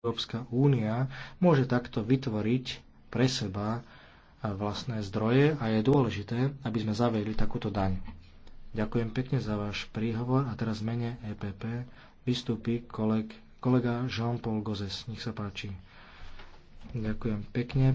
Európska únia môže takto vytvoriť pre seba vlastné zdroje a je dôležité, aby sme zavedli takúto daň. Ďakujem pekne za váš príhovor a teraz mene EPP vystúpi koleg, kolega Jean-Paul Gozes. Nech sa páči. Ďakujem pekne.